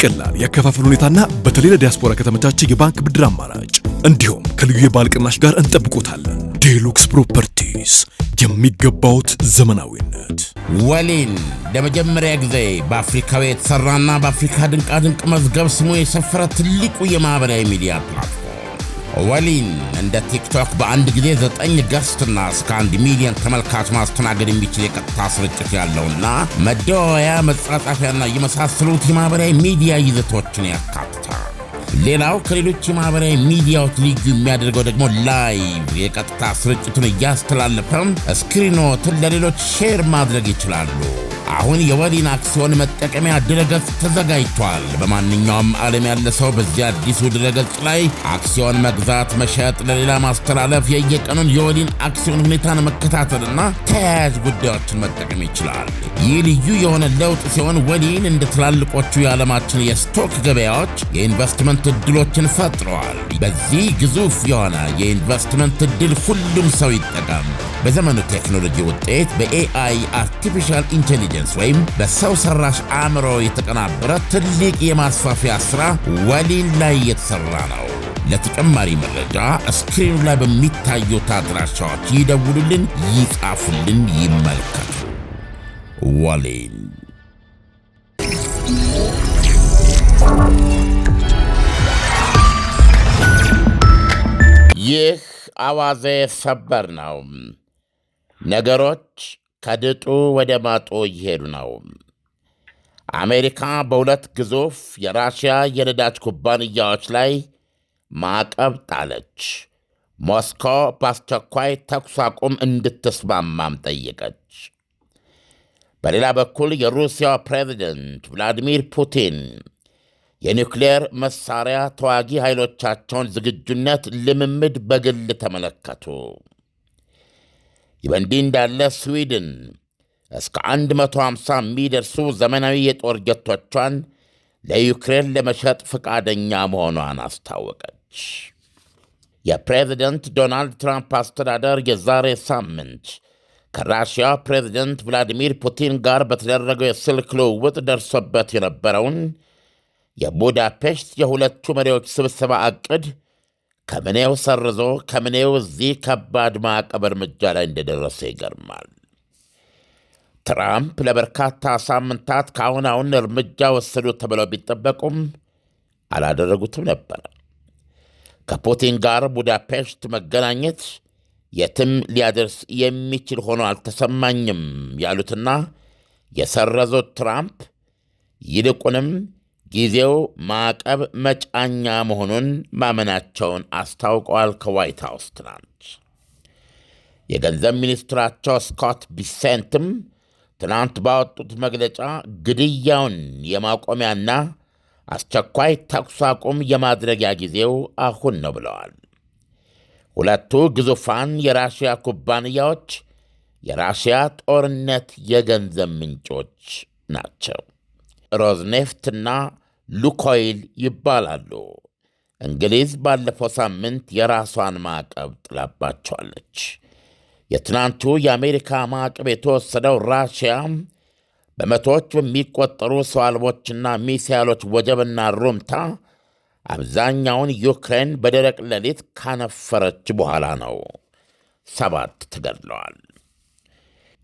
በቀላል ሁኔታ ሁኔታና በተለይ ለዲያስፖራ ከተመቻቸ የባንክ ብድር አማራጭ እንዲሁም ከልዩ የባልቅናሽ ቅናሽ ጋር እንጠብቆታለን። ዴሉክስ ፕሮፐርቲስ የሚገባውት ዘመናዊነት ወሊን ለመጀመሪያ ጊዜ በአፍሪካዊ የተሰራና በአፍሪካ ድንቃድንቅ መዝገብ ስሙ የሰፈረ ትልቁ የማህበራዊ ሚዲያ ፕላትፎርም ወሊን እንደ ቲክቶክ በአንድ ጊዜ ዘጠኝ ገስትና እስከ አንድ ሚሊዮን ተመልካች ማስተናገድ የሚችል የቀጥታ ስርጭት ያለውና መደዋወያ፣ መጻጻፊያና የመሳሰሉት የማህበራዊ ሚዲያ ይዘቶችን ያካትታል። ሌላው ከሌሎች የማህበራዊ ሚዲያዎች ልዩ የሚያደርገው ደግሞ ላይቭ የቀጥታ ስርጭቱን እያስተላለፈም ስክሪኖትን ለሌሎች ሼር ማድረግ ይችላሉ። አሁን የወሊን አክሲዮን መጠቀሚያ ድረገጽ ተዘጋጅቷል። በማንኛውም ዓለም ያለ ሰው በዚህ አዲሱ ድረገጽ ላይ አክሲዮን መግዛት፣ መሸጥ፣ ለሌላ ማስተላለፍ፣ የየቀኑን የወሊን አክሲዮን ሁኔታን መከታተልና ተያያዥ ጉዳዮችን መጠቀም ይችላል። ይህ ልዩ የሆነ ለውጥ ሲሆን ወሊን እንደ ትላልቆቹ የዓለማችን የስቶክ ገበያዎች የኢንቨስትመንት እድሎችን ፈጥረዋል። በዚህ ግዙፍ የሆነ የኢንቨስትመንት እድል ሁሉም ሰው ይጠቀም። በዘመኑ ቴክኖሎጂ ውጤት በኤአይ አርቲፊሻል ኢንቴሊጀንስ ኢንቴሊጀንስ ወይም በሰው ሰራሽ አእምሮ የተቀናበረ ትልቅ የማስፋፊያ ሥራ ወሊል ላይ የተሠራ ነው። ለተጨማሪ መረጃ ስክሪኑ ላይ በሚታዩት አድራሻዎች ይደውሉልን፣ ይጻፉልን፣ ይመልከቱ። ወሊል ይህ አዋዜ ሰበር ነው። ነገሮች ከድጡ ወደ ማጡ እየሄዱ ነው። አሜሪካ በሁለት ግዙፍ የራሽያ የነዳጅ ኩባንያዎች ላይ ማዕቀብ ጣለች። ሞስኮ በአስቸኳይ ተኩስ አቁም እንድትስማማም ጠየቀች። በሌላ በኩል የሩሲያ ፕሬዚደንት ቭላዲሚር ፑቲን የኒውክሌር መሳሪያ ተዋጊ ኃይሎቻቸውን ዝግጁነት ልምምድ በግል ተመለከቱ። ይህ በእንዲህ እንዳለ ስዊድን እስከ 150 የሚደርሱ ዘመናዊ የጦር ጀቶቿን ለዩክሬን ለመሸጥ ፈቃደኛ መሆኗን አስታወቀች። የፕሬዚደንት ዶናልድ ትራምፕ አስተዳደር የዛሬ ሳምንት ከራሽያ ፕሬዚደንት ቭላዲሚር ፑቲን ጋር በተደረገው የስልክ ልውውጥ ደርሶበት የነበረውን የቡዳፔስት የሁለቱ መሪዎች ስብሰባ ዕቅድ ከምኔው ሰርዞ ከምኔው እዚህ ከባድ ማዕቀብ እርምጃ ላይ እንደደረሰ ይገርማል። ትራምፕ ለበርካታ ሳምንታት ከአሁን አሁን እርምጃ ወሰዱ ተብለው ቢጠበቁም አላደረጉትም ነበረ። ከፑቲን ጋር ቡዳፔሽት መገናኘት የትም ሊያደርስ የሚችል ሆኖ አልተሰማኝም ያሉትና የሰረዙት ትራምፕ ይልቁንም ጊዜው ማዕቀብ መጫኛ መሆኑን ማመናቸውን አስታውቀዋል። ከዋይት ሃውስ ትናንት የገንዘብ ሚኒስትራቸው ስኮት ቢሴንትም ትናንት ባወጡት መግለጫ ግድያውን የማቆሚያና አስቸኳይ ተኩስ አቁም የማድረጊያ ጊዜው አሁን ነው ብለዋል። ሁለቱ ግዙፋን የራሽያ ኩባንያዎች የራሽያ ጦርነት የገንዘብ ምንጮች ናቸው። ሮዝኔፍትና ሉኮይል ይባላሉ። እንግሊዝ ባለፈው ሳምንት የራሷን ማዕቀብ ጥላባቸዋለች። የትናንቱ የአሜሪካ ማዕቀብ የተወሰደው ራሽያ በመቶዎች በሚቆጠሩ ሰው አልቦችና ሚሳይሎች ወጀብና ሩምታ አብዛኛውን ዩክሬን በደረቅ ሌሊት ካነፈረች በኋላ ነው። ሰባት ተገድለዋል።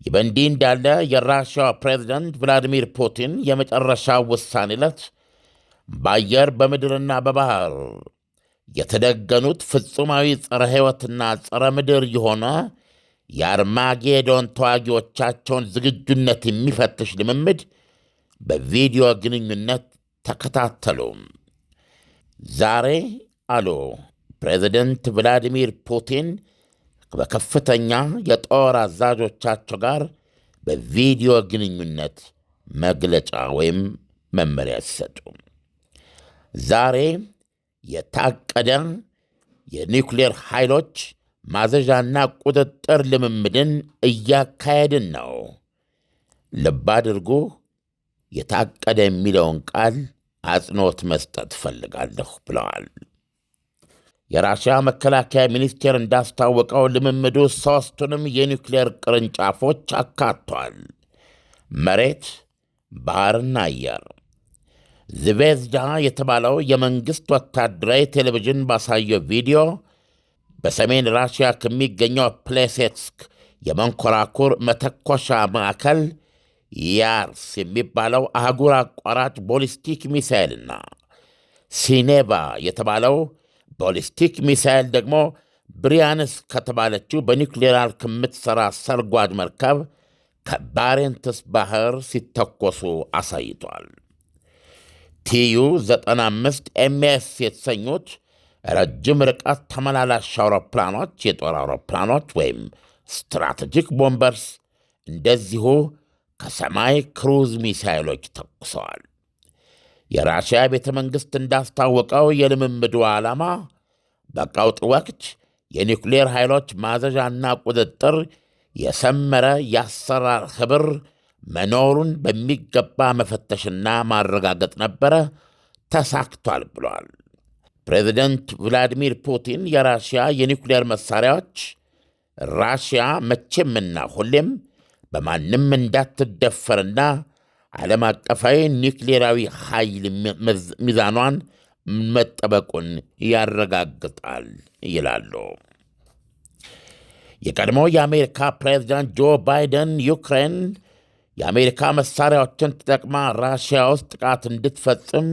ይህ በእንዲህ እንዳለ የራሽያው ፕሬዚደንት ቭላዲሚር ፑቲን የመጨረሻው ውሳኔ ዕለት በአየር በምድርና በባህር የተደገኑት ፍጹማዊ ጸረ ሕይወትና ጸረ ምድር የሆነ የአርማጌዶን ተዋጊዎቻቸውን ዝግጁነት የሚፈትሽ ልምምድ በቪዲዮ ግንኙነት ተከታተሉ። ዛሬ አሉ ፕሬዚደንት ቭላዲሚር ፑቲን በከፍተኛ የጦር አዛዦቻቸው ጋር በቪዲዮ ግንኙነት መግለጫ ወይም መመሪያ ሲሰጡ ዛሬ የታቀደ የኒውክሌር ኃይሎች ማዘዣና ቁጥጥር ልምምድን እያካሄድን ነው። ልብ አድርጉ። የታቀደ የሚለውን ቃል አጽንኦት መስጠት ፈልጋለሁ ብለዋል። የራሽያ መከላከያ ሚኒስቴር እንዳስታወቀው ልምምዱ ሦስቱንም የኒውክሌር ቅርንጫፎች አካቷል፤ መሬት፣ ባሕርና አየር። ዝቬዝዳ የተባለው የመንግሥት ወታደራዊ ቴሌቪዥን ባሳየው ቪዲዮ በሰሜን ራሽያ ከሚገኘው ፕሌሴትስክ የመንኮራኩር መተኮሻ ማዕከል ያርስ የሚባለው አህጉር አቋራጭ ቦሊስቲክ ሚሳይልና ሲኔቫ የተባለው ቦሊስቲክ ሚሳይል ደግሞ ብሪያንስ ከተባለችው በኒውክሌር ኃይል ከምትሠራ ሰርጓጅ መርከብ ከባሬንትስ ባህር ሲተኮሱ አሳይቷል። ቲዩ 95 ኤምኤስ የተሰኙት ረጅም ርቀት ተመላላሽ አውሮፕላኖች፣ የጦር አውሮፕላኖች ወይም ስትራቴጂክ ቦምበርስ እንደዚሁ ከሰማይ ክሩዝ ሚሳይሎች ተኩሰዋል። የራሽያ ቤተ መንግሥት እንዳስታወቀው የልምምዱ ዓላማ በቀውጥ ወቅት የኒውክሌር ኃይሎች ማዘዣና ቁጥጥር፣ የሰመረ የአሰራር ኅብር መኖሩን በሚገባ መፈተሽና ማረጋገጥ ነበረ፣ ተሳክቷል ብለዋል። ፕሬዚደንት ቭላዲሚር ፑቲን የራሽያ የኒኩሌር መሣሪያዎች ራሽያ መቼምና ሁሌም በማንም እንዳትደፈርና ዓለም አቀፋዊ ኒክሌራዊ ኃይል ሚዛኗን መጠበቁን ያረጋግጣል ይላሉ። የቀድሞ የአሜሪካ ፕሬዚዳንት ጆ ባይደን ዩክሬን የአሜሪካ መሳሪያዎችን ተጠቅማ ራሽያ ውስጥ ጥቃት እንድትፈጽም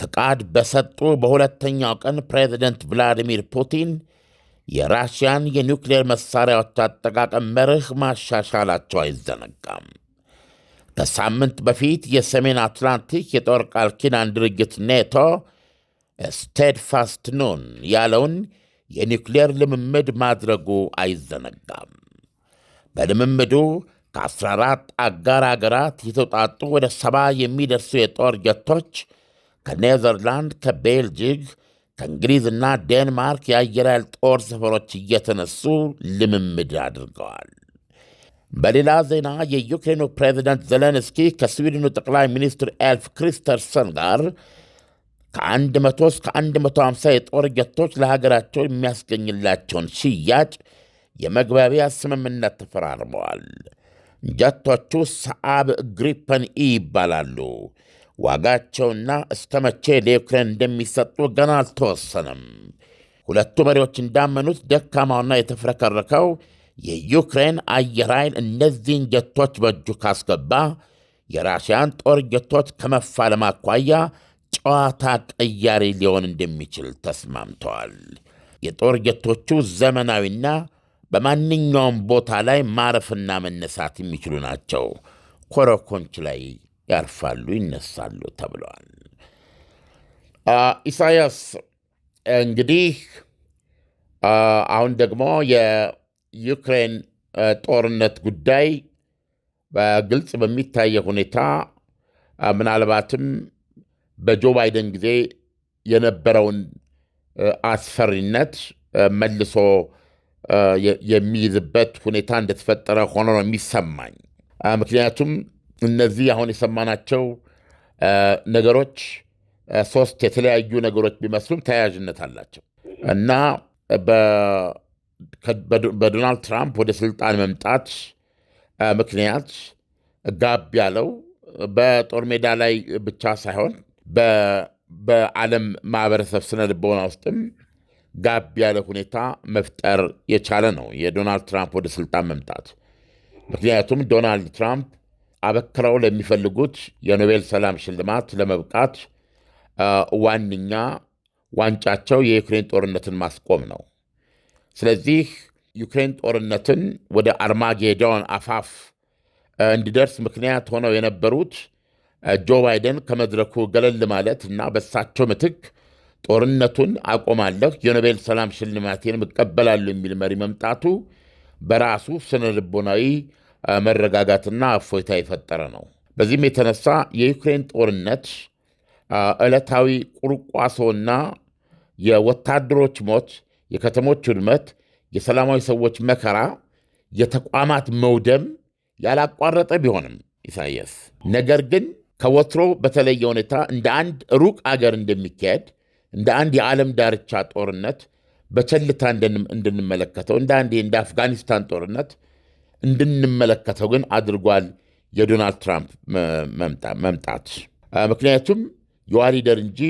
ፍቃድ በሰጡ በሁለተኛው ቀን ፕሬዚደንት ቭላዲሚር ፑቲን የራሽያን የኒውክሌር መሳሪያዎች አጠቃቀም መርህ ማሻሻላቸው አይዘነጋም። ከሳምንት በፊት የሰሜን አትላንቲክ የጦር ቃል ኪዳን ድርጅት ኔቶ ስቴድፋስት ኑን ያለውን የኒውክሌር ልምምድ ማድረጉ አይዘነጋም። በልምምዱ ከ14 አጋር አገራት የተውጣጡ ወደ ሰባ የሚደርሱ የጦር ጀቶች ከኔዘርላንድ፣ ከቤልጂክ፣ ከእንግሊዝና ዴንማርክ የአየር ኃይል ጦር ሰፈሮች እየተነሱ ልምምድ አድርገዋል። በሌላ ዜና የዩክሬኑ ፕሬዚደንት ዘለንስኪ ከስዊድኑ ጠቅላይ ሚኒስትር ኤልፍ ክሪስተርሰን ጋር ከ100 እስከ 150 የጦር ጀቶች ለሀገራቸው የሚያስገኝላቸውን ሽያጭ የመግባቢያ ስምምነት ተፈራርመዋል። ጀቶቹ ሰዓብ ግሪፐን ኢ ይባላሉ። ዋጋቸውና እስከ መቼ ለዩክሬን እንደሚሰጡ ገና አልተወሰነም። ሁለቱ መሪዎች እንዳመኑት ደካማውና የተፍረከረከው የዩክሬን አየር ኃይል እነዚህን ጀቶች በእጁ ካስገባ የራሽያን ጦር ጀቶች ከመፋለም አኳያ ጨዋታ ቀያሪ ሊሆን እንደሚችል ተስማምተዋል። የጦር ጀቶቹ ዘመናዊና በማንኛውም ቦታ ላይ ማረፍና መነሳት የሚችሉ ናቸው። ኮረኮንች ላይ ያርፋሉ፣ ይነሳሉ ተብለዋል። ኢሳያስ እንግዲህ አሁን ደግሞ የዩክሬን ጦርነት ጉዳይ በግልጽ በሚታየ ሁኔታ ምናልባትም በጆ ባይደን ጊዜ የነበረውን አስፈሪነት መልሶ የሚይዝበት ሁኔታ እንደተፈጠረ ሆኖ ነው የሚሰማኝ። ምክንያቱም እነዚህ አሁን የሰማናቸው ነገሮች ሶስት የተለያዩ ነገሮች ቢመስሉም ተያያዥነት አላቸው እና በዶናልድ ትራምፕ ወደ ስልጣን መምጣት ምክንያት ጋብ ያለው በጦር ሜዳ ላይ ብቻ ሳይሆን በዓለም ማህበረሰብ ስነ ልቦና ውስጥም ጋብ ያለ ሁኔታ መፍጠር የቻለ ነው የዶናልድ ትራምፕ ወደ ስልጣን መምጣት። ምክንያቱም ዶናልድ ትራምፕ አበክረው ለሚፈልጉት የኖቤል ሰላም ሽልማት ለመብቃት ዋነኛ ዋንጫቸው የዩክሬን ጦርነትን ማስቆም ነው። ስለዚህ ዩክሬን ጦርነትን ወደ አርማጌዳውን አፋፍ እንዲደርስ ምክንያት ሆነው የነበሩት ጆ ባይደን ከመድረኩ ገለል ማለት እና በሳቸው ምትክ ጦርነቱን አቆማለሁ፣ የኖቤል ሰላም ሽልማቴን እቀበላለሁ የሚል መሪ መምጣቱ በራሱ ስነ ልቦናዊ መረጋጋትና እፎይታ የፈጠረ ነው። በዚህም የተነሳ የዩክሬን ጦርነት ዕለታዊ ቁርቋሶና የወታደሮች ሞት፣ የከተሞች ውድመት፣ የሰላማዊ ሰዎች መከራ፣ የተቋማት መውደም ያላቋረጠ ቢሆንም ኢሳያስ ነገር ግን ከወትሮ በተለየ ሁኔታ እንደ አንድ ሩቅ አገር እንደሚካሄድ እንደ አንድ የዓለም ዳርቻ ጦርነት በቸልታ እንድንመለከተው እንደ አንድ እንደ አፍጋኒስታን ጦርነት እንድንመለከተው ግን አድርጓል የዶናልድ ትራምፕ መምጣት። ምክንያቱም ሊደር እንጂ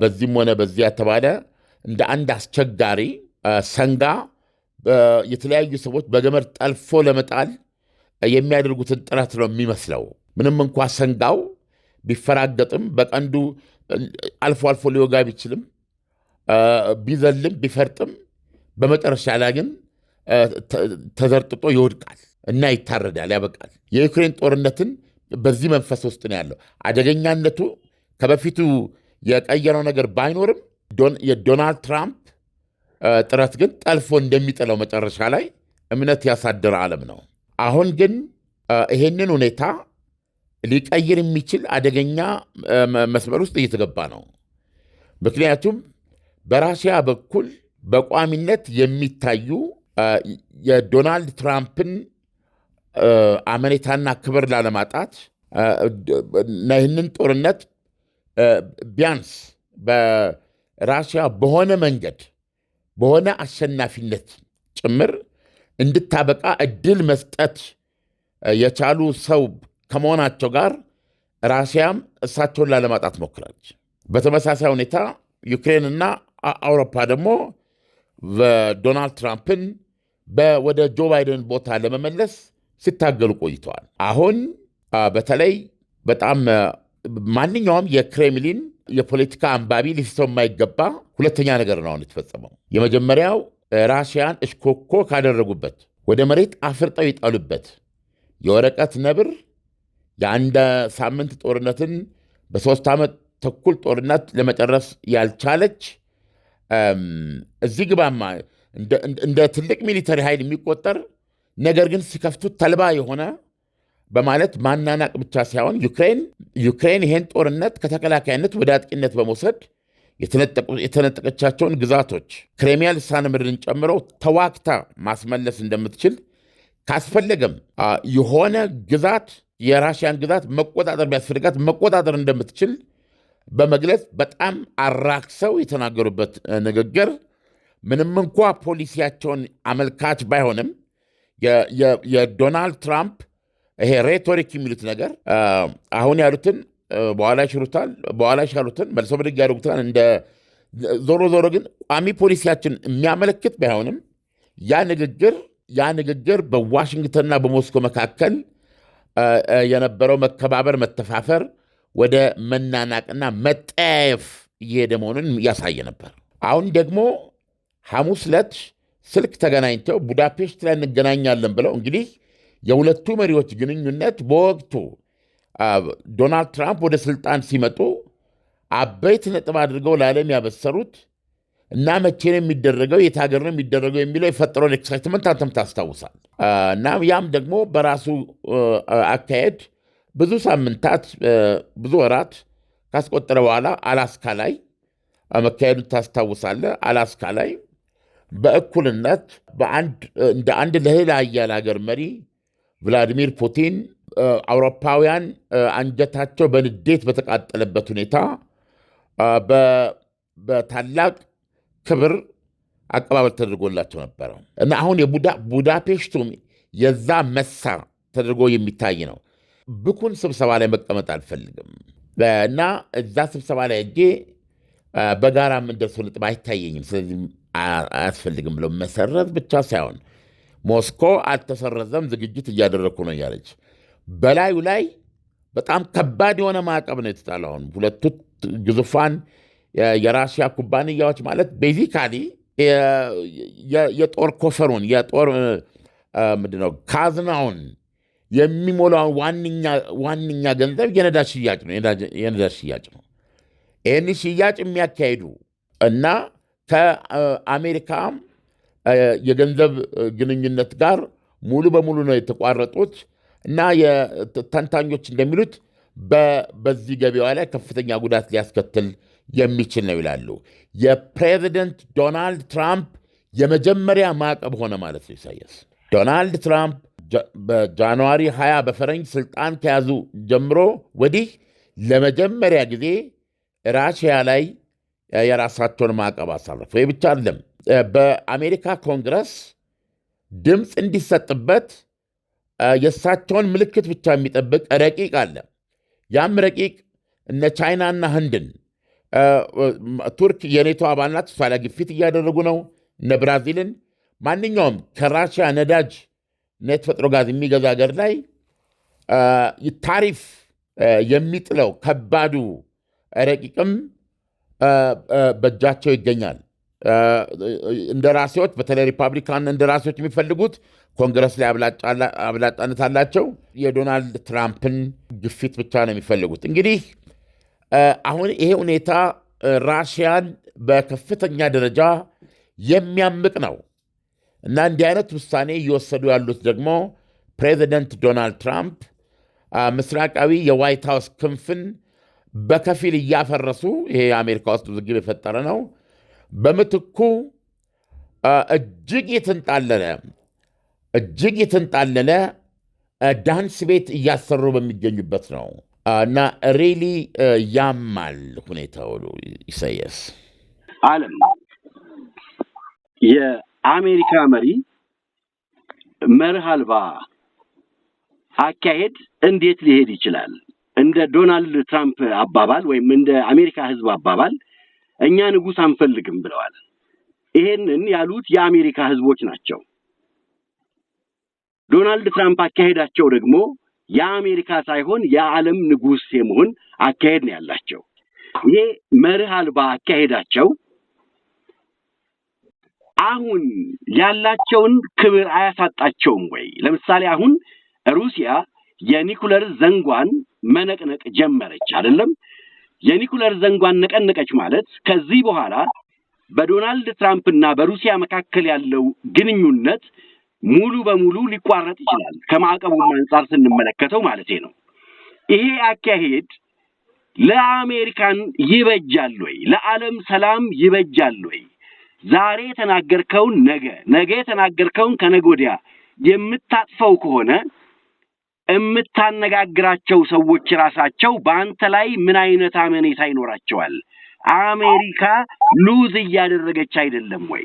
በዚህም ሆነ በዚያ ተባለ እንደ አንድ አስቸጋሪ ሰንጋ የተለያዩ ሰዎች በገመድ ጠልፎ ለመጣል የሚያደርጉትን ጥረት ነው የሚመስለው። ምንም እንኳ ሰንጋው ቢፈራገጥም በቀንዱ አልፎ አልፎ ሊወጋ ቢችልም ቢዘልም ቢፈርጥም በመጨረሻ ላይ ግን ተዘርጥጦ ይወድቃል እና ይታረዳል፣ ያበቃል። የዩክሬን ጦርነትን በዚህ መንፈስ ውስጥ ነው ያለው። አደገኛነቱ ከበፊቱ የቀየረው ነገር ባይኖርም የዶናልድ ትራምፕ ጥረት ግን ጠልፎ እንደሚጥለው መጨረሻ ላይ እምነት ያሳደረ ዓለም ነው። አሁን ግን ይሄንን ሁኔታ ሊቀይር የሚችል አደገኛ መስመር ውስጥ እየተገባ ነው። ምክንያቱም በራሲያ በኩል በቋሚነት የሚታዩ የዶናልድ ትራምፕን አመኔታና ክብር ላለማጣት ይህንን ጦርነት ቢያንስ በራሲያ በሆነ መንገድ በሆነ አሸናፊነት ጭምር እንድታበቃ እድል መስጠት የቻሉ ሰው ከመሆናቸው ጋር ራሲያም እሳቸውን ላለማጣት ሞክራለች። በተመሳሳይ ሁኔታ ዩክሬንና አውሮፓ ደግሞ ዶናልድ ትራምፕን ወደ ጆ ባይደን ቦታ ለመመለስ ሲታገሉ ቆይተዋል። አሁን በተለይ በጣም ማንኛውም የክሬምሊን የፖለቲካ አንባቢ ሊስተው የማይገባ ሁለተኛ ነገር ነው አሁን የተፈጸመው። የመጀመሪያው ራሽያን እሽኮኮ ካደረጉበት ወደ መሬት አፍርጠው ይጠሉበት የወረቀት ነብር የአንድ ሳምንት ጦርነትን በሶስት ዓመት ተኩል ጦርነት ለመጨረስ ያልቻለች እዚህ ግባማ እንደ ትልቅ ሚሊተሪ ኃይል የሚቆጠር ነገር ግን ሲከፍቱት ተልባ የሆነ በማለት ማናናቅ ብቻ ሳይሆን ዩክሬን ይሄን ጦርነት ከተከላካይነት ወደ አጥቂነት በመውሰድ የተነጠቀቻቸውን ግዛቶች ክሬሚያ ልሳነ ምድርን ጨምሮ ተዋግታ ማስመለስ እንደምትችል ካስፈለገም የሆነ ግዛት የራሽያን ግዛት መቆጣጠር ቢያስፈልጋት መቆጣጠር እንደምትችል በመግለጽ በጣም አራክሰው የተናገሩበት ንግግር ምንም እንኳ ፖሊሲያቸውን አመልካች ባይሆንም የዶናልድ ትራምፕ ይሄ ሬቶሪክ የሚሉት ነገር አሁን ያሉትን በኋላ ይሽሩታል፣ በኋላ ይሻሉትን መልሶ ብድግ ያደርጉታል። እንደ ዞሮ ዞሮ ግን ቋሚ ፖሊሲያችን የሚያመለክት ባይሆንም ያ ንግግር ያ ንግግር በዋሽንግተንና በሞስኮ መካከል የነበረው መከባበር፣ መተፋፈር ወደ መናናቅና መጠያየፍ እየሄደ መሆኑን ያሳየ ነበር። አሁን ደግሞ ሐሙስ ዕለት ስልክ ተገናኝተው ቡዳፔስት ላይ እንገናኛለን ብለው እንግዲህ የሁለቱ መሪዎች ግንኙነት በወቅቱ ዶናልድ ትራምፕ ወደ ስልጣን ሲመጡ አበይት ነጥብ አድርገው ለዓለም ያበሰሩት እና መቼ ነው የሚደረገው የት ሀገር ነው የሚደረገው የሚለው የፈጠረውን ኤክሳይትመንት አንተም ታስታውሳል። እና ያም ደግሞ በራሱ አካሄድ ብዙ ሳምንታት ብዙ ወራት ካስቆጠረ በኋላ አላስካ ላይ መካሄዱን ታስታውሳለህ። አላስካ ላይ በእኩልነት እንደ አንድ ለሌላ አያል ሀገር መሪ ቭላዲሚር ፑቲን አውሮፓውያን አንጀታቸው በንዴት በተቃጠለበት ሁኔታ በታላቅ ክብር አቀባበል ተደርጎላቸው ነበረ እና አሁን የቡዳፔሽቱም የዛ መሳ ተደርጎ የሚታይ ነው። ብኩን ስብሰባ ላይ መቀመጥ አልፈልግም እና እዛ ስብሰባ ላይ እጄ በጋራ የምንደርሱ ነጥብ አይታየኝም። ስለዚህ አያስፈልግም ብለው መሰረዝ ብቻ ሳይሆን ሞስኮ አልተሰረዘም፣ ዝግጅት እያደረግኩ ነው እያለች በላዩ ላይ በጣም ከባድ የሆነ ማዕቀብ ነው የተጣለው። አሁን ሁለቱ ግዙፋን የራሽያ ኩባንያዎች ማለት ቤዚካሊ የጦር ኮፈሩን የጦር ምንድን ነው ካዝናውን የሚሞላውን ዋነኛ ገንዘብ የነዳጅ ሽያጭ ነው። የነዳጅ ሽያጭ ነው። ይህን ሽያጭ የሚያካሂዱ እና ከአሜሪካም የገንዘብ ግንኙነት ጋር ሙሉ በሙሉ ነው የተቋረጡት እና ተንታኞች እንደሚሉት በዚህ ገበያ ላይ ከፍተኛ ጉዳት ሊያስከትል የሚችል ነው ይላሉ። የፕሬዚደንት ዶናልድ ትራምፕ የመጀመሪያ ማዕቀብ ሆነ ማለት ነው። ኢሳያስ ዶናልድ ትራምፕ በጃንዋሪ 20 በፈረንጅ ስልጣን ከያዙ ጀምሮ ወዲህ ለመጀመሪያ ጊዜ ራሽያ ላይ የራሳቸውን ማዕቀብ አሳረፉ። ይህ ብቻ አይደለም። በአሜሪካ ኮንግረስ ድምፅ እንዲሰጥበት የእሳቸውን ምልክት ብቻ የሚጠብቅ ረቂቅ አለ። ያም ረቂቅ እነ ቻይናና ህንድን ቱርክ የኔቶ አባል ናት። እሷ ላይ ግፊት እያደረጉ ነው። እነ ብራዚልን ማንኛውም ከራሽያ ነዳጅ ተፈጥሮ ጋዝ የሚገዛ ሀገር ላይ ታሪፍ የሚጥለው ከባዱ ረቂቅም በእጃቸው ይገኛል። እንደራሴዎች በተለይ ሪፐብሊካን እንደራሴዎች የሚፈልጉት ኮንግረስ ላይ አብላጫነት አላቸው። የዶናልድ ትራምፕን ግፊት ብቻ ነው የሚፈልጉት እንግዲህ አሁን ይሄ ሁኔታ ራሽያን በከፍተኛ ደረጃ የሚያምቅ ነው እና እንዲህ አይነት ውሳኔ እየወሰዱ ያሉት ደግሞ ፕሬዚደንት ዶናልድ ትራምፕ ምስራቃዊ የዋይት ሀውስ ክንፍን በከፊል እያፈረሱ ይሄ የአሜሪካ ውስጥ ውዝግብ የፈጠረ ነው። በምትኩ እጅግ የተንጣለለ እጅግ የተንጣለለ ዳንስ ቤት እያሰሩ በሚገኙበት ነው። እና ሬሊ ያማል ሁኔታው ኢሳያስ አለም የአሜሪካ መሪ መርህ አልባ አካሄድ እንዴት ሊሄድ ይችላል? እንደ ዶናልድ ትራምፕ አባባል ወይም እንደ አሜሪካ ሕዝብ አባባል እኛ ንጉስ አንፈልግም ብለዋል። ይሄንን ያሉት የአሜሪካ ሕዝቦች ናቸው። ዶናልድ ትራምፕ አካሄዳቸው ደግሞ የአሜሪካ ሳይሆን የዓለም ንጉሥ የመሆን አካሄድ ነው ያላቸው። ይሄ መርህ አልባ አካሄዳቸው አሁን ያላቸውን ክብር አያሳጣቸውም ወይ? ለምሳሌ አሁን ሩሲያ የኒኩለር ዘንጓን መነቅነቅ ጀመረች አይደለም? የኒኩለር ዘንጓን ነቀነቀች ማለት ከዚህ በኋላ በዶናልድ ትራምፕ እና በሩሲያ መካከል ያለው ግንኙነት ሙሉ በሙሉ ሊቋረጥ ይችላል። ከማዕቀቡም አንጻር ስንመለከተው ማለት ነው። ይሄ አካሄድ ለአሜሪካን ይበጃል ወይ? ለዓለም ሰላም ይበጃል ወይ? ዛሬ የተናገርከውን ነገ፣ ነገ የተናገርከውን ከነገ ወዲያ የምታጥፈው ከሆነ የምታነጋግራቸው ሰዎች ራሳቸው በአንተ ላይ ምን አይነት አመኔታ ይኖራቸዋል? አሜሪካ ሉዝ እያደረገች አይደለም ወይ?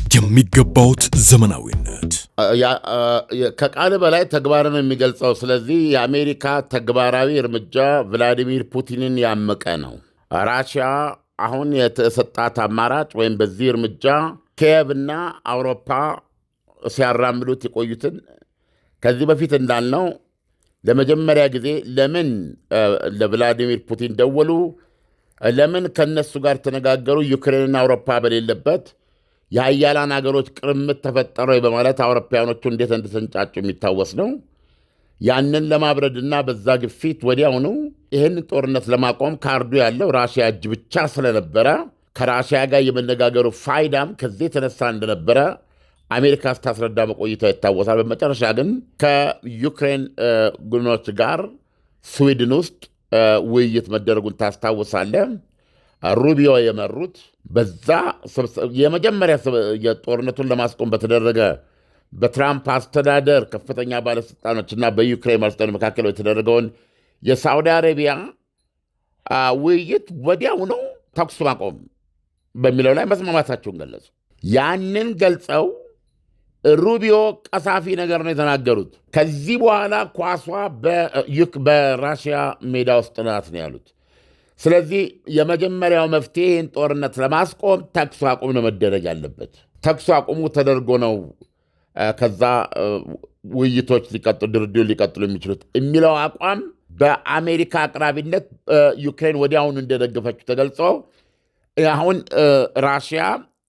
የሚገባውት ዘመናዊነት ከቃል በላይ ተግባርን የሚገልጸው። ስለዚህ የአሜሪካ ተግባራዊ እርምጃ ቭላዲሚር ፑቲንን ያመቀ ነው። ራሽያ አሁን የተሰጣት አማራጭ ወይም በዚህ እርምጃ ኪየቭና አውሮፓ ሲያራምዱት የቆዩትን ከዚህ በፊት እንዳልነው ለመጀመሪያ ጊዜ ለምን ለቭላዲሚር ፑቲን ደወሉ? ለምን ከእነሱ ጋር ተነጋገሩ? ዩክሬንና አውሮፓ በሌለበት የአያላን አገሮች ቅርምት ተፈጠረ በማለት አውሮፓውያኖቹ እንዴት እንደተንጫጩ የሚታወስ ነው። ያንን ለማብረድና በዛ ግፊት ወዲያውኑ ይህን ጦርነት ለማቆም ካርዱ ያለው ራሽያ እጅ ብቻ ስለነበረ ከራሽያ ጋር የመነጋገሩ ፋይዳም ከዚህ የተነሳ እንደነበረ አሜሪካ ስታስረዳ መቆይታ ይታወሳል። በመጨረሻ ግን ከዩክሬን ጉኖች ጋር ስዊድን ውስጥ ውይይት መደረጉን ታስታውሳለህ። ሩቢዮ የመሩት በዛ የመጀመሪያ የጦርነቱን ለማስቆም በተደረገ በትራምፕ አስተዳደር ከፍተኛ ባለስልጣኖች እና በዩክሬን ባለስልጣኖች መካከል የተደረገውን የሳውዲ አረቢያ ውይይት ነው ተኩስ ማቆም በሚለው ላይ መስማማታቸውን ገለጹ። ያንን ገልጸው ሩቢዮ ቀሳፊ ነገር ነው የተናገሩት። ከዚህ በኋላ ኳሷ በራሽያ ሜዳ ውስጥ ናት ነው ያሉት። ስለዚህ የመጀመሪያው መፍትሄ ጦርነት ለማስቆም ተኩስ አቁም ነው መደረግ ያለበት። ተኩስ አቁሙ ተደርጎ ነው ከዛ ውይይቶች ሊቀጥሉ ድርድሩ ሊቀጥሉ የሚችሉት የሚለው አቋም በአሜሪካ አቅራቢነት ዩክሬን ወዲያውኑ እንደደገፈችው ተገልጾ አሁን ራሽያ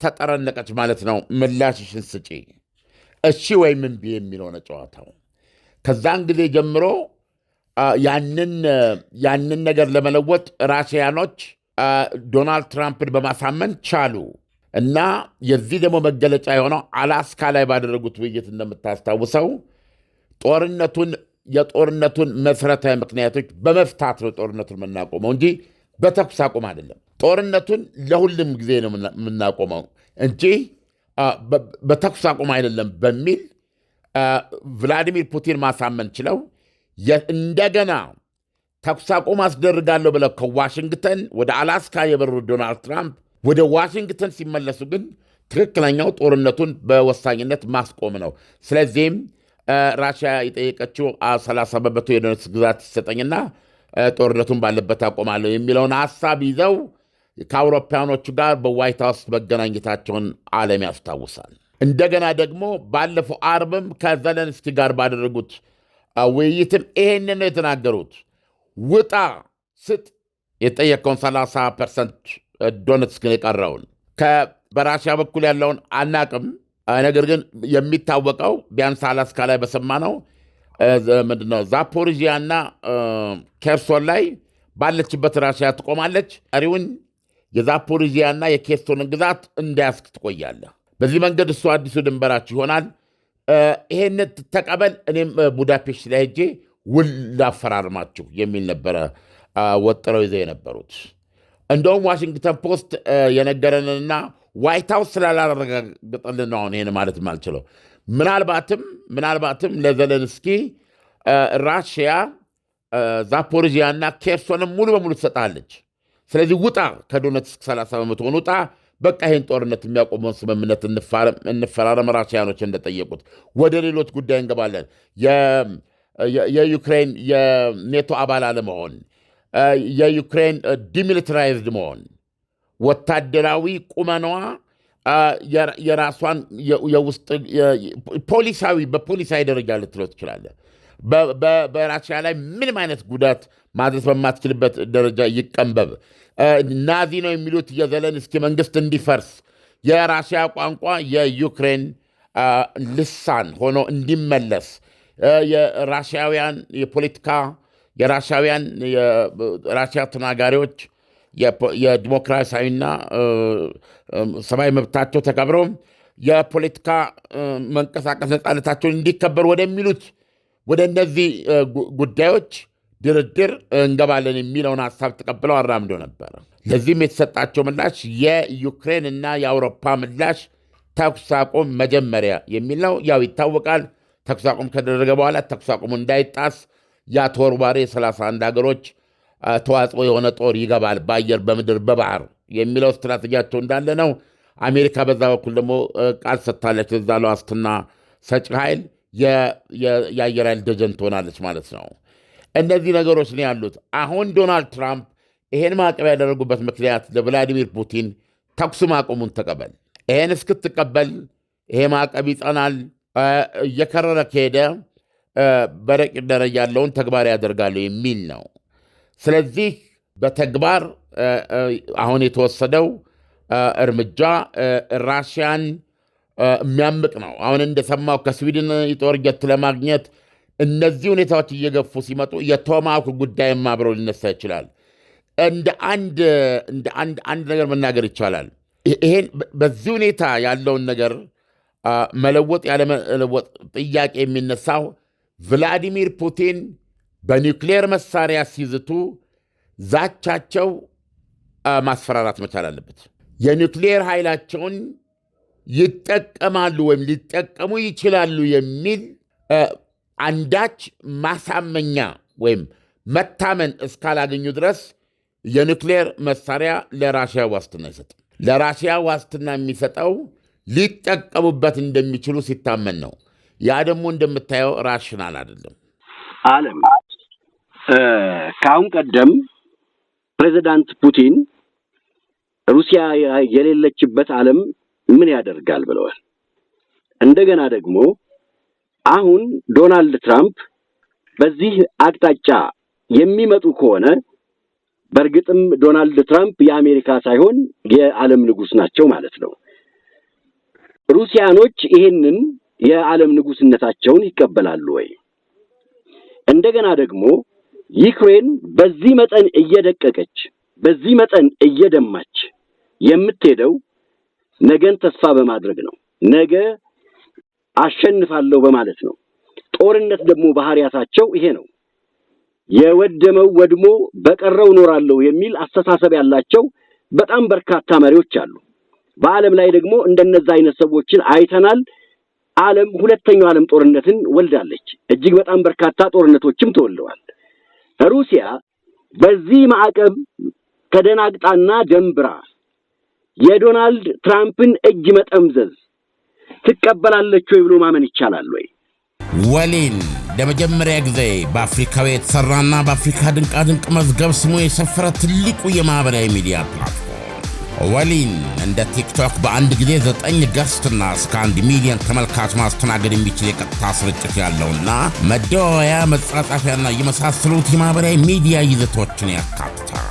ተጠረነቀች ማለት ነው። ምላሽሽን ስጪ እሺ ወይም እምቢ የሚለው ነው ጨዋታው። ከዛን ጊዜ ጀምሮ ያንን ያንን ነገር ለመለወጥ ራሲያኖች ዶናልድ ትራምፕን በማሳመን ቻሉ እና የዚህ ደግሞ መገለጫ የሆነው አላስካ ላይ ባደረጉት ውይይት እንደምታስታውሰው ጦርነቱን የጦርነቱን መሰረታዊ ምክንያቶች በመፍታት ነው ጦርነቱን የምናቆመው እንጂ በተኩስ አቁም አይደለም። ጦርነቱን ለሁሉም ጊዜ ነው የምናቆመው እንጂ በተኩስ አቁም አይደለም በሚል ቭላዲሚር ፑቲን ማሳመን ችለው እንደገና ተኩስ አቁም አስደርጋለሁ ብለው ከዋሽንግተን ወደ አላስካ የበሩ ዶናልድ ትራምፕ ወደ ዋሽንግተን ሲመለሱ ግን ትክክለኛው ጦርነቱን በወሳኝነት ማስቆም ነው። ስለዚህም ራሽያ የጠየቀችው 30 በመቶ የዶኔትስ ግዛት ይሰጠኝና ጦርነቱን ባለበት አቆማለሁ የሚለውን ሀሳብ ይዘው ከአውሮፓውያኖቹ ጋር በዋይት ሀውስ መገናኘታቸውን ዓለም ያስታውሳል። እንደገና ደግሞ ባለፈው አርብም ከዘለንስኪ ጋር ባደረጉት ውይይትም ይሄንን ነው የተናገሩት። ውጣ ስጥ የጠየቀውን 30 ፐርሰንት ዶነትስክን የቀረውን በራሽያ በኩል ያለውን አናቅም። ነገር ግን የሚታወቀው ቢያንስ አላስካ ላይ በሰማነው ምንድነው ዛፖሪዥያና ኬርሶን ላይ ባለችበት ራሽያ ትቆማለች። ቀሪውን የዛፖሪዥያና የኬርሶንን ግዛት እንዳያስክ ትቆያለ። በዚህ መንገድ እሱ አዲሱ ድንበራችሁ ይሆናል። ይሄን ተቀበል፣ እኔም ቡዳፔሽት ላይ ሄጄ ውል ላፈራርማችሁ የሚል ነበረ ወጥረው ይዘው የነበሩት። እንደውም ዋሽንግተን ፖስት የነገረንንና ዋይት ሀውስ ስላላረጋገጠልን ነው አሁን ይህን ማለት አልችለው። ምናልባትም ምናልባትም ለዘለንስኪ ራሽያ ዛፖሪዚያና ኬርሶንም ሙሉ በሙሉ ትሰጣለች። ስለዚህ ውጣ፣ ከዶነትስክ 30 በመቶውን ውጣ በቃ ይህን ጦርነት የሚያቆመውን ስምምነት እንፈራረም ራሽያኖች እንደጠየቁት ወደ ሌሎች ጉዳይ እንገባለን። የዩክሬን የኔቶ አባል አለመሆን፣ የዩክሬን ዲሚሊትራይዝድ መሆን፣ ወታደራዊ ቁመናዋ የራሷን የውስጥ ፖሊሳዊ በፖሊሳዊ ደረጃ ልትለው ትችላለህ። በራሽያ ላይ ምንም አይነት ጉዳት ማድረስ በማትችልበት ደረጃ ይቀንበብ። ናዚ ነው የሚሉት የዘለንስኪ መንግስት እንዲፈርስ የራሽያ ቋንቋ የዩክሬን ልሳን ሆኖ እንዲመለስ የራሽያውያን የፖለቲካ የራሽያውያን የራሽያ ተናጋሪዎች የዲሞክራሲያዊና ሰብአዊ መብታቸው ተከብሮ የፖለቲካ መንቀሳቀስ ነፃነታቸውን እንዲከበር ወደሚሉት ወደ እነዚህ ጉዳዮች ድርድር እንገባለን የሚለውን ሀሳብ ተቀብለው አራምዶ ነበር። ለዚህም የተሰጣቸው ምላሽ የዩክሬን እና የአውሮፓ ምላሽ ተኩስ አቁም መጀመሪያ የሚል ነው። ያው ይታወቃል። ተኩስ አቁም ከደረገ በኋላ ተኩስ አቁሙ እንዳይጣስ የአተወርዋሪ የ31 ሀገሮች ተዋጽኦ የሆነ ጦር ይገባል፣ በአየር በምድር በባህር የሚለው ስትራቴጂያቸው እንዳለ ነው። አሜሪካ በዛ በኩል ደግሞ ቃል ሰጥታለች። እዛ ዋስትና ሰጪ ኃይል የአየር ኃይል ደጀን ትሆናለች ማለት ነው። እነዚህ ነገሮች ነው ያሉት። አሁን ዶናልድ ትራምፕ ይሄን ማዕቀብ ያደረጉበት ምክንያት ለቭላዲሚር ፑቲን ተኩስ ማቆሙን ተቀበል፣ ይሄን እስክትቀበል ይሄ ማዕቀብ ይጸናል፣ እየከረረ ከሄደ በረቂቅ ደረጃ ያለውን ተግባር ያደርጋሉ የሚል ነው። ስለዚህ በተግባር አሁን የተወሰደው እርምጃ ራሽያን የሚያምቅ ነው። አሁን እንደሰማው ከስዊድን የጦር ጀት ለማግኘት እነዚህ ሁኔታዎች እየገፉ ሲመጡ የቶማኩ ጉዳይም አብረው ሊነሳ ይችላል። እንደ አንድ ነገር መናገር ይቻላል። ይሄን በዚህ ሁኔታ ያለውን ነገር መለወጥ ያለመለወጥ ጥያቄ የሚነሳው ቭላዲሚር ፑቲን በኒውክሌር መሳሪያ ሲዝቱ ዛቻቸው ማስፈራራት መቻል አለበት። የኒውክሌር ኃይላቸውን ይጠቀማሉ ወይም ሊጠቀሙ ይችላሉ የሚል አንዳች ማሳመኛ ወይም መታመን እስካላገኙ ድረስ የኒክሌር መሳሪያ ለራሽያ ዋስትና አይሰጥም። ለራሽያ ዋስትና የሚሰጠው ሊጠቀሙበት እንደሚችሉ ሲታመን ነው። ያ ደግሞ እንደምታየው ራሽናል አይደለም። አለም ከአሁን ቀደም ፕሬዚዳንት ፑቲን ሩሲያ የሌለችበት ዓለም ምን ያደርጋል ብለዋል። እንደገና ደግሞ አሁን ዶናልድ ትራምፕ በዚህ አቅጣጫ የሚመጡ ከሆነ በእርግጥም ዶናልድ ትራምፕ የአሜሪካ ሳይሆን የዓለም ንጉስ ናቸው ማለት ነው። ሩሲያኖች ይሄንን የዓለም ንጉስነታቸውን ይቀበላሉ ወይ? እንደገና ደግሞ ዩክሬን በዚህ መጠን እየደቀቀች በዚህ መጠን እየደማች የምትሄደው ነገን ተስፋ በማድረግ ነው። ነገ አሸንፋለሁ በማለት ነው። ጦርነት ደግሞ ባህሪያታቸው ይሄ ነው። የወደመው ወድሞ በቀረው እኖራለሁ የሚል አስተሳሰብ ያላቸው በጣም በርካታ መሪዎች አሉ። በዓለም ላይ ደግሞ እንደነዛ አይነት ሰዎችን አይተናል። ዓለም ሁለተኛው ዓለም ጦርነትን ወልዳለች። እጅግ በጣም በርካታ ጦርነቶችም ተወልደዋል። ሩሲያ በዚህ ማዕቀብ ተደናግጣና ደንብራ የዶናልድ ትራምፕን እጅ መጠምዘዝ ትቀበላለች ወይ ብሎ ማመን ይቻላል ወይ? ወሊን ለመጀመሪያ ጊዜ በአፍሪካዊ የተሰራና በአፍሪካ ድንቃድንቅ መዝገብ ስሙ የሰፈረ ትልቁ የማኅበራዊ ሚዲያ ፕላትፎርም ወሊን እንደ ቲክቶክ በአንድ ጊዜ ዘጠኝ ገስትና እስከ አንድ ሚሊዮን ተመልካች ማስተናገድ የሚችል የቀጥታ ስርጭት ያለውና መደዋወያ፣ መጻጻፊያና የመሳሰሉት የማኅበራዊ ሚዲያ ይዘቶችን ያካትታል።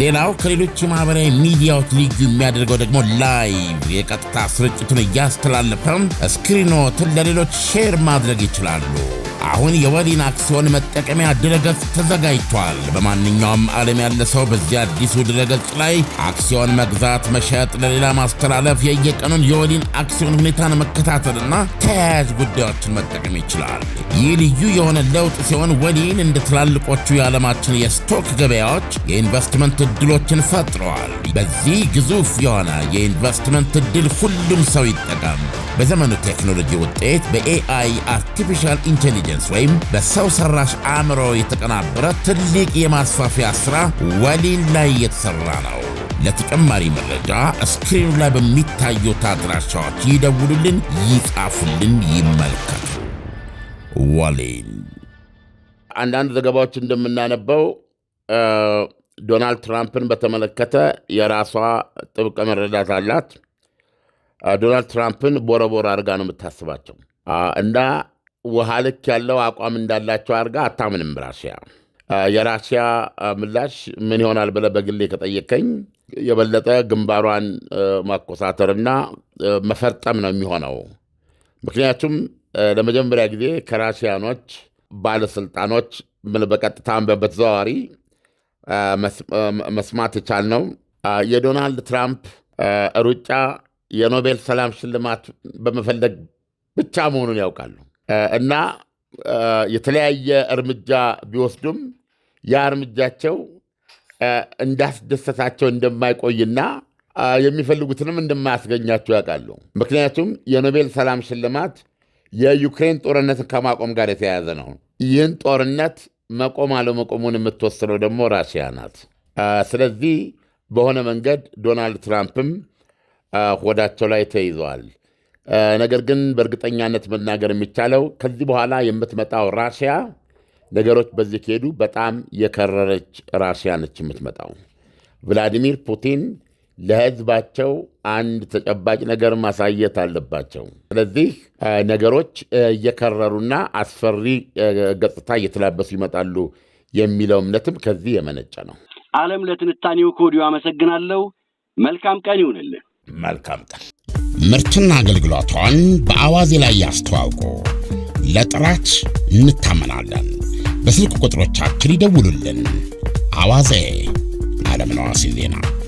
ሌላው ከሌሎች የማህበራዊ ሚዲያዎች ልዩ የሚያደርገው ደግሞ ላይቭ የቀጥታ ስርጭቱን እያስተላለፈም ስክሪኖትን ለሌሎች ሼር ማድረግ ይችላሉ። አሁን የወሊን አክሲዮን መጠቀሚያ ድረገጽ ተዘጋጅቷል። በማንኛውም ዓለም ያለ ሰው በዚህ አዲሱ ድረገጽ ላይ አክሲዮን መግዛት፣ መሸጥ፣ ለሌላ ማስተላለፍ፣ የየቀኑን የወሊን አክሲዮን ሁኔታን መከታተልና ተያያዥ ጉዳዮችን መጠቀም ይችላል። ይህ ልዩ የሆነ ለውጥ ሲሆን ወሊን እንደ ትላልቆቹ የዓለማችን የስቶክ ገበያዎች የኢንቨስትመንት የኢንቨስትመንት እድሎችን ፈጥረዋል። በዚህ ግዙፍ የሆነ የኢንቨስትመንት እድል ሁሉም ሰው ይጠቀም። በዘመኑ ቴክኖሎጂ ውጤት በኤአይ አርቲፊሻል ኢንቴሊጀንስ ወይም በሰው ሰራሽ አእምሮ የተቀናበረ ትልቅ የማስፋፊያ ሥራ ወሊል ላይ የተሠራ ነው። ለተጨማሪ መረጃ እስክሪኑ ላይ በሚታዩት አድራሻዎች ይደውሉልን፣ ይጻፉልን፣ ይመልከቱ። ወሊል አንዳንድ ዘገባዎች እንደምናነበው ዶናልድ ትራምፕን በተመለከተ የራሷ ጥብቅ መረዳት አላት። ዶናልድ ትራምፕን ቦረቦር አድርጋ ነው የምታስባቸው እና ውሃ ልክ ያለው አቋም እንዳላቸው አድርጋ አታምንም። ራሽያ የራሽያ ምላሽ ምን ይሆናል ብለህ በግሌ ከጠየቀኝ የበለጠ ግንባሯን ማኮሳተርና መፈርጠም ነው የሚሆነው። ምክንያቱም ለመጀመሪያ ጊዜ ከራሽያኖች ባለስልጣኖች ምን በቀጥታም በተዘዋዋሪ መስማት የቻልነው የዶናልድ ትራምፕ ሩጫ የኖቤል ሰላም ሽልማት በመፈለግ ብቻ መሆኑን ያውቃሉ እና የተለያየ እርምጃ ቢወስዱም ያ እርምጃቸው እንዳስደሰታቸው እንደማይቆይና የሚፈልጉትንም እንደማያስገኛቸው ያውቃሉ። ምክንያቱም የኖቤል ሰላም ሽልማት የዩክሬን ጦርነትን ከማቆም ጋር የተያያዘ ነው። ይህን ጦርነት መቆም አለመቆሙን የምትወስነው ደግሞ ራሽያ ናት። ስለዚህ በሆነ መንገድ ዶናልድ ትራምፕም ሆዳቸው ላይ ተይዘዋል። ነገር ግን በእርግጠኛነት መናገር የሚቻለው ከዚህ በኋላ የምትመጣው ራሽያ ነገሮች በዚህ ከሄዱ በጣም የከረረች ራሽያ ነች የምትመጣው። ቭላዲሚር ፑቲን ለህዝባቸው አንድ ተጨባጭ ነገር ማሳየት አለባቸው። ስለዚህ ነገሮች እየከረሩና አስፈሪ ገጽታ እየተላበሱ ይመጣሉ የሚለው እምነትም ከዚህ የመነጨ ነው። ዓለም ለትንታኔው ከወዲሁ አመሰግናለሁ። መልካም ቀን ይሁንልን። መልካም ቀን። ምርትና አገልግሎቷን በአዋዜ ላይ ያስተዋውቁ። ለጥራች እንታመናለን። በስልክ ቁጥሮቻችን ይደውሉልን። አዋዜ፣ ዓለምነህ ዋሴ ዜና